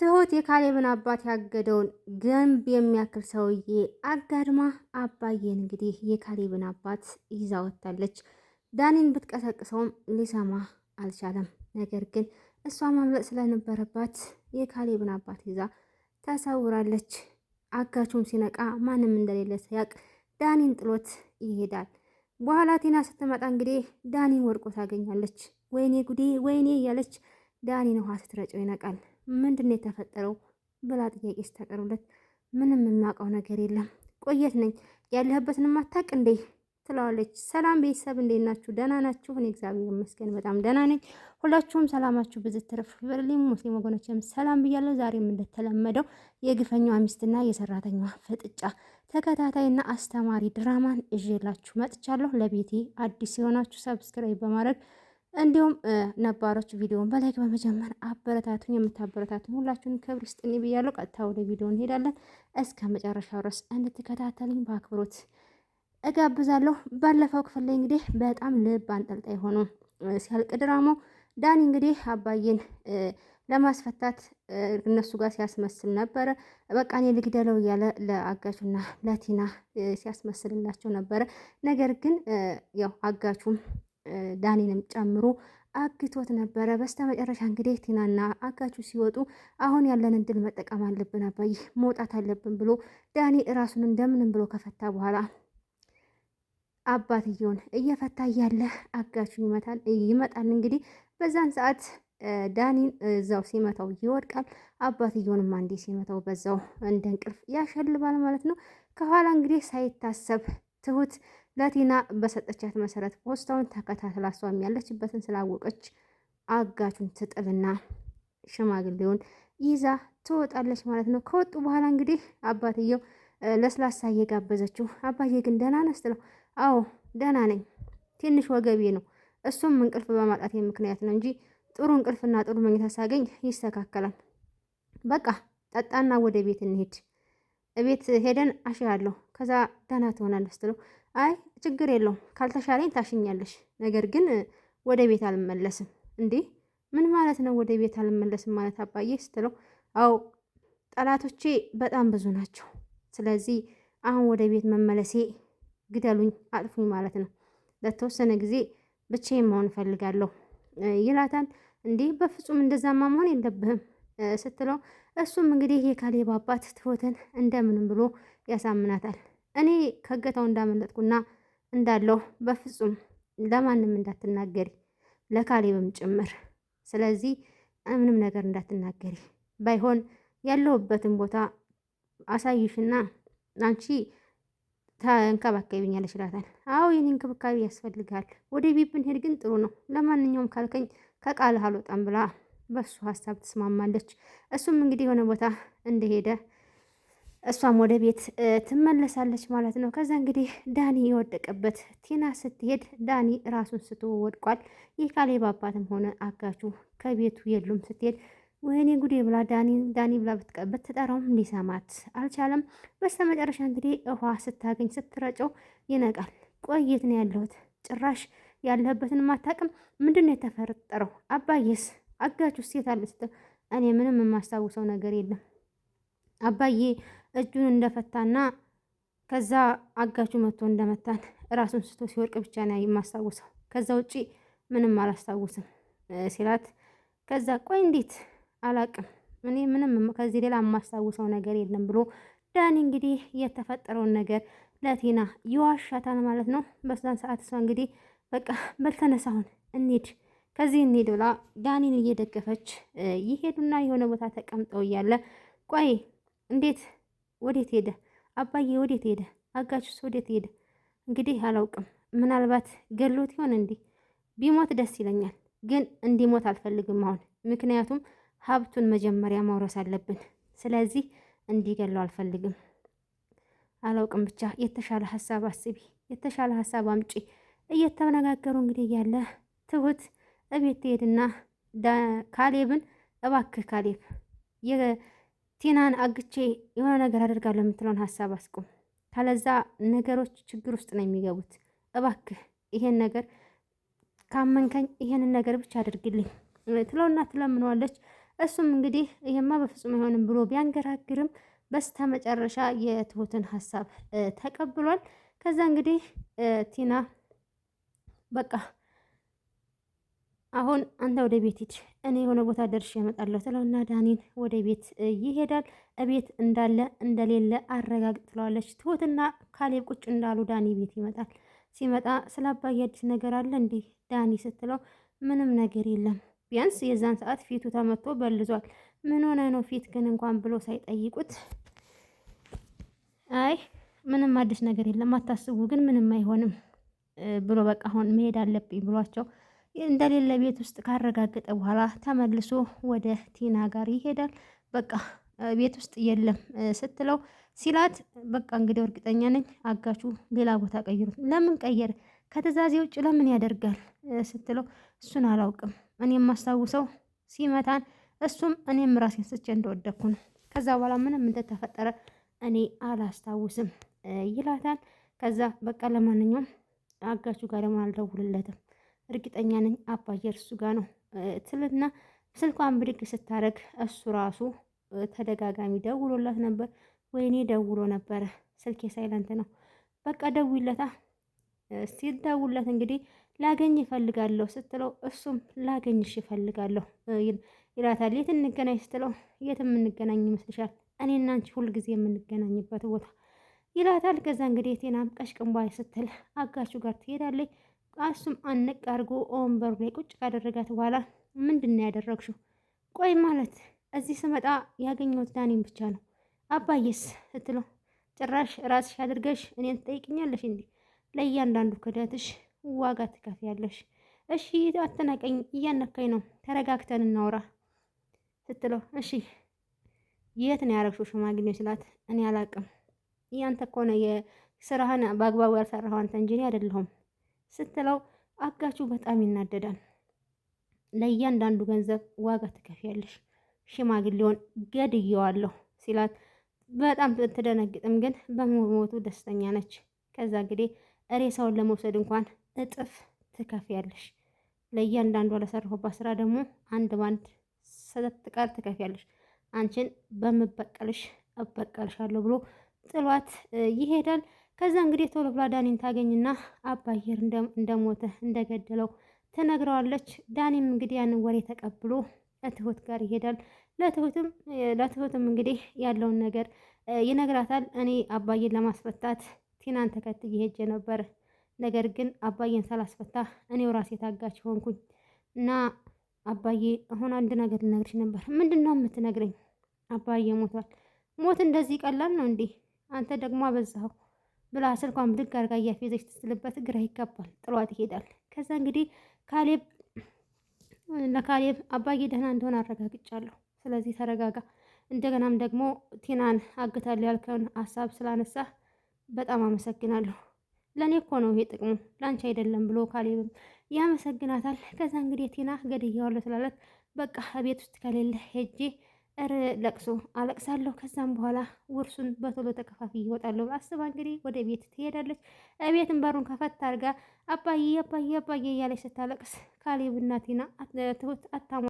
ትሁት የካሌብን አባት ያገደውን ገንብ የሚያክል ሰውዬ አጋድማ አባዬን እንግዲህ የካሌብን አባት ይዛ ወጥታለች። ዳኒን ብትቀሰቅሰውም ሊሰማ አልቻለም። ነገር ግን እሷ ማምለጥ ስለነበረባት የካሌብን አባት ይዛ ተሰውራለች። አጋቹም ሲነቃ ማንም እንደሌለ ሲያቅ ዳኒን ጥሎት ይሄዳል። በኋላ ቲና ስትመጣ እንግዲህ ዳኒን ወድቆ ታገኛለች። ወይኔ ጉዴ፣ ወይኔ እያለች ዳኒን ውሃ ስትረጨው ይነቃል። ምንድን የተፈጠረው ብላ ጥያቄ ስታቀርብለት ምንም የማውቀው ነገር የለም ቆየት ነኝ ያለህበትን ማታቅ እንዴ ትለዋለች። ሰላም ቤተሰብ እንዴት ናችሁ? ደህና ናችሁ? እኔ እግዚአብሔር ይመስገን በጣም ደህና ነኝ። ሁላችሁም ሰላማችሁ ብዙ ትርፍ ይበልልኝ። ሙስሊም ወገኖችም ሰላም ብያለሁ። ዛሬም እንደተለመደው የግፈኛዋ ሚስትና የሰራተኛዋ ፍጥጫ ተከታታይና አስተማሪ ድራማን እዤላችሁ መጥቻለሁ። ለቤቴ አዲስ የሆናችሁ ሰብስክራይብ በማድረግ እንዲሁም ነባሮች ቪዲዮውን በላይክ በመጀመር አበረታቱኝ። የምታበረታቱን ሁላችሁን ክብር ይስጥልኝ ብያለሁ። ቀጥታ ወደ ቪዲዮ እንሄዳለን። እስከ መጨረሻ ድረስ እንድትከታተልኝ በአክብሮት እጋብዛለሁ። ባለፈው ክፍል ላይ እንግዲህ በጣም ልብ አንጠልጣይ የሆኑ ሲያልቅ ድራማው ዳኒ እንግዲህ አባዬን ለማስፈታት እነሱ ጋር ሲያስመስል ነበረ። በቃ እኔ ልግደለው እያለ ለአጋቹና ለቲና ሲያስመስልላቸው ነበረ። ነገር ግን ያው አጋቹም ዳኒንም ጨምሮ አግቶት ነበረ። በስተመጨረሻ እንግዲህ ቲናና አጋቹ ሲወጡ አሁን ያለን እድል መጠቀም አለብን አባዬ መውጣት አለብን ብሎ ዳኒ እራሱን እንደምንም ብሎ ከፈታ በኋላ አባትየውን እየፈታ እያለ አጋቹ ይመታል ይመጣል። እንግዲህ በዛን ሰዓት ዳኒን እዛው ሲመታው ይወድቃል። አባትየውንም አንዴ ሲመታው በዛው እንደ እንቅልፍ ያሸልባል ማለት ነው። ከኋላ እንግዲህ ሳይታሰብ ትሁት ለቲና በሰጠቻት መሰረት ፖስታውን ተከታትላ እሷም ያለችበትን ስላወቀች አጋቹን ትጥልና ሽማግሌውን ይዛ ትወጣለች ማለት ነው። ከወጡ በኋላ እንግዲህ አባትየው ለስላሳ እየጋበዘችው አባዬ ግን ደህና ነህ ስትለው አዎ ደህና ነኝ፣ ትንሽ ወገቤ ነው እሱም እንቅልፍ በማጣት ምክንያት ነው እንጂ ጥሩ እንቅልፍና ጥሩ መኝታ ሳገኝ ይስተካከላል። በቃ ጠጣና ወደ ቤት እንሄድ፣ ቤት ሄደን አለሁ፣ ከዛ ደህና ትሆናለህ ስትለው አይ ችግር የለውም ካልተሻለኝ ታሽኛለሽ፣ ነገር ግን ወደ ቤት አልመለስም። እንዴ ምን ማለት ነው ወደ ቤት አልመለስም ማለት አባዬ? ስትለው አው ጠላቶቼ በጣም ብዙ ናቸው። ስለዚህ አሁን ወደ ቤት መመለሴ ግደሉኝ፣ አጥፉኝ ማለት ነው። ለተወሰነ ጊዜ ብቻዬን መሆን እፈልጋለሁ ይላታል። እንዴ በፍጹም እንደዛማ መሆን የለብህም ስትለው እሱም እንግዲህ የካሌብ አባት ትሁትን እንደምንም ብሎ ያሳምናታል። እኔ ከገታው እንዳመለጥኩና እንዳለሁ በፍጹም ለማንም እንዳትናገሪ ለካሌብም ጭምር። ስለዚህ ምንም ነገር እንዳትናገሪ፣ ባይሆን ያለሁበትን ቦታ አሳይሽና አንቺ ተንከባከቢኛለሽ ይላታል። አዎ የኔ እንክብካቤ ያስፈልጋል ወደ ቤት ብንሄድ ግን ጥሩ ነው። ለማንኛውም ካልከኝ ከቃልህ አልወጣም ብላ በሱ ሀሳብ ትስማማለች። እሱም እንግዲህ የሆነ ቦታ እንደሄደ እሷም ወደ ቤት ትመለሳለች ማለት ነው። ከዛ እንግዲህ ዳኒ የወደቀበት ቲና ስትሄድ ዳኒ ራሱን ስቶ ወድቋል። የካሌብ አባትም ሆነ አጋቹ ከቤቱ የሉም። ስትሄድ ወይኔ ጉዴ ብላ ዳኒ ዳኒ ብላ ብትጠራውም ሊሰማት አልቻለም። በስተመጨረሻ እንግዲህ ውሃ ስታገኝ ስትረጨው ይነቃል። ቆየት ነው ያለሁት? ጭራሽ ያለበትን ማታቅም ምንድን ነው የተፈጠረው? አባዬስ አጋቹ ሴት አለ ስትል እኔ ምንም የማስታውሰው ነገር የለም አባዬ እጁን እንደፈታና ከዛ አጋቹ መጥቶ እንደመታን ራሱን ስቶ ሲወርቅ ብቻ ነው የማስታውሰው። ከዛ ውጪ ምንም አላስታውስም ሲላት፣ ከዛ ቆይ እንዴት አላቅም እኔ ምንም ከዚህ ሌላ የማስታውሰው ነገር የለም ብሎ ዳኒ እንግዲህ የተፈጠረውን ነገር ለቴና ይዋሻታል ማለት ነው። በዛን ሰዓት እሷ እንግዲህ በቃ በልተነሳሁን እንሂድ ከዚህ እንሂድ ብላ ዳኒን እየደገፈች ይሄዱና የሆነ ቦታ ተቀምጠው እያለ ቆይ እንዴት ወዴት ሄደ? አባዬ ወዴት ሄደ? አጋቹስ ወዴት ሄደ? እንግዲህ አላውቅም። ምናልባት ገሎት ይሆን እንዴ? ቢሞት ደስ ይለኛል፣ ግን እንዲሞት አልፈልግም አሁን። ምክንያቱም ሀብቱን መጀመሪያ ማውረስ አለብን። ስለዚህ እንዲገለው አልፈልግም። አላውቅም ብቻ የተሻለ ሀሳብ አስቢ፣ የተሻለ ሀሳብ አምጪ። እየተነጋገሩ እንግዲህ ያለ ትሁት እቤት ትሄድና ካሌብን እባክህ ካሌብ ቲናን አግቼ የሆነ ነገር አደርጋለሁ የምትለውን ሀሳብ አስቁም። ካለዛ ነገሮች ችግር ውስጥ ነው የሚገቡት። እባክህ ይሄን ነገር ካመንከኝ ይሄንን ነገር ብቻ አድርግልኝ ትለውና ትለምነዋለች። እሱም እንግዲህ ይሄማ በፍጹም አይሆንም ብሎ ቢያንገራግርም በስተ መጨረሻ የትሁትን ሀሳብ ተቀብሏል። ከዛ እንግዲህ ቲና በቃ አሁን አንተ ወደ ቤት ሂድ፣ እኔ የሆነ ቦታ ደርሼ እመጣለሁ ትለውና ዳኒን ወደ ቤት ይሄዳል። እቤት እንዳለ እንደሌለ አረጋግጥ ትለዋለች። ትሁትና ካሌብ ቁጭ እንዳሉ ዳኒ ቤት ይመጣል። ሲመጣ ስለ አባዬ አዲስ ነገር አለ እንዲህ ዳኒ ስትለው ምንም ነገር የለም ቢያንስ የዛን ሰዓት ፊቱ ተመቶ በልዟል። ምን ሆነ ነው ፊት ግን እንኳን ብሎ ሳይጠይቁት አይ ምንም አዲስ ነገር የለም አታስቡ፣ ግን ምንም አይሆንም ብሎ በቃ አሁን መሄድ አለብኝ ብሏቸው እንደሌለ ቤት ውስጥ ካረጋገጠ በኋላ ተመልሶ ወደ ቲና ጋር ይሄዳል። በቃ ቤት ውስጥ የለም ስትለው ሲላት በቃ እንግዲህ እርግጠኛ ነኝ አጋቹ ሌላ ቦታ ቀይሩ። ለምን ቀየር ከትእዛዜ ውጭ ለምን ያደርጋል ስትለው እሱን አላውቅም። እኔ የማስታውሰው ሲመታን እሱም እኔም ራሴን ስቼ እንደወደኩ ነው። ከዛ በኋላ ምንም እንደተፈጠረ እኔ አላስታውስም ይላታል። ከዛ በቃ ለማንኛውም አጋቹ ጋር ደግሞ አልደውልለትም እርግጠኛ ነኝ አባዬ እርሱ ጋር ነው ትልና ስልኳን ብድግ ስታደርግ እሱ ራሱ ተደጋጋሚ ደውሎላት ነበር። ወይኔ ደውሎ ነበረ፣ ስልኬ ሳይለንት ነው። በቃ ደውይለታ። ሲደውለት እንግዲህ ላገኝ ይፈልጋለሁ ስትለው እሱም ላገኝሽ ይፈልጋለሁ ይላታል። የት እንገናኝ ስትለው የት የምንገናኝ ይመስልሻል? እኔ እናንቺ ሁልጊዜ የምንገናኝበት ቦታ ይላታል። ከዛ እንግዲህ ቴናም ቀሽቅንባይ ስትል አጋቹ ጋር ትሄዳለች። እሱም አነቅ አድርጎ ወንበሩ ላይ ቁጭ ካደረጋት በኋላ ምንድን ነው ያደረግሽው? ቆይ ማለት እዚህ ስመጣ ያገኘሁት ዳኔን ብቻ ነው። አባዬስ ስትለው ጭራሽ ራስሽ አድርገሽ እኔን ትጠይቅኛለሽ እንዴ? ለእያንዳንዱ ክደትሽ ዋጋ ትከፍያለሽ። እሺ አትናቀኝ፣ እያነካኝ ነው። ተረጋግተን እናውራ ስትለው እሺ የት ነው ያረግሽው ሽማግሌ ስላት እኔ አላቅም። እያንተ ከሆነ የስራህን በአግባቡ ያልሰራኸው አንተ እንጂ እኔ አይደለሁም ስትለው አጋቹ በጣም ይናደዳል። ለእያንዳንዱ ገንዘብ ዋጋ ትከፍያለሽ፣ ሽማግሌውን ገድየዋለሁ ሲላት በጣም ትደነግጥም፣ ግን በመሞቱ ደስተኛ ነች። ከዛ እንግዲህ ሬሳውን ለመውሰድ እንኳን እጥፍ ትከፍያለሽ፣ ለእያንዳንዷ ለሰርሁባት ስራ ደግሞ አንድ ባንድ ሰተት ቃል ትከፍያለሽ፣ አንቺን በምበቀልሽ እበቀልሻለሁ ብሎ ጥሏት ይሄዳል። ከዛ እንግዲህ ቶሎ ብላ ዳኒን ታገኝና አባየር እንደሞተ እንደገደለው ትነግረዋለች። ዳኒም እንግዲህ ያንን ወሬ ተቀብሎ እትሁት ጋር ይሄዳል። ለትሁትም ለትሁትም እንግዲህ ያለውን ነገር ይነግራታል። እኔ አባዬን ለማስፈታት ቲናን ተከትዬ ሄጄ ነበር፣ ነገር ግን አባዬን ሳላስፈታ እኔው ራሴ ታጋች ሆንኩኝ እና አባዬ አሁን አንድ ነገር ልነግርሽ ነበር። ምንድን ነው የምትነግረኝ? አባዬ ሞቷል። ሞት እንደዚህ ቀላል ነው እንዴ? አንተ ደግሞ አበዛኸው ብላ ስልኳን ብድግ አርጋ እያፌዘች ትስልበት ግራ ይጋባል። ጥሏት ይሄዳል። ከዛ እንግዲህ ካሌብ ለካሌብ አባዬ ደህና እንደሆነ አረጋግጫለሁ፣ ስለዚህ ተረጋጋ፣ እንደገናም ደግሞ ቲናን አግታለሁ ያልከውን ሀሳብ ስላነሳ በጣም አመሰግናለሁ። ለእኔ እኮ ነው ይሄ ጥቅሙ ለአንቺ አይደለም ብሎ ካሌብም ያመሰግናታል። ከዛ እንግዲህ ቲና ገድያዋለሁ ስላለት በቃ ቤት ውስጥ ከሌለ ሄጄ እረ ለቅሶ አለቅሳለሁ። ከዛም በኋላ ውርሱን በቶሎ ተከፋፊ ይወጣለሁ አስባ እንግዲህ ወደ ቤት ትሄዳለች። ቤትን በሩን ከፈት አድርጋ አባዬ አባዬ አባዬ እያለች ስታለቅስ ካሌብና ቲና ትሁት አታሟ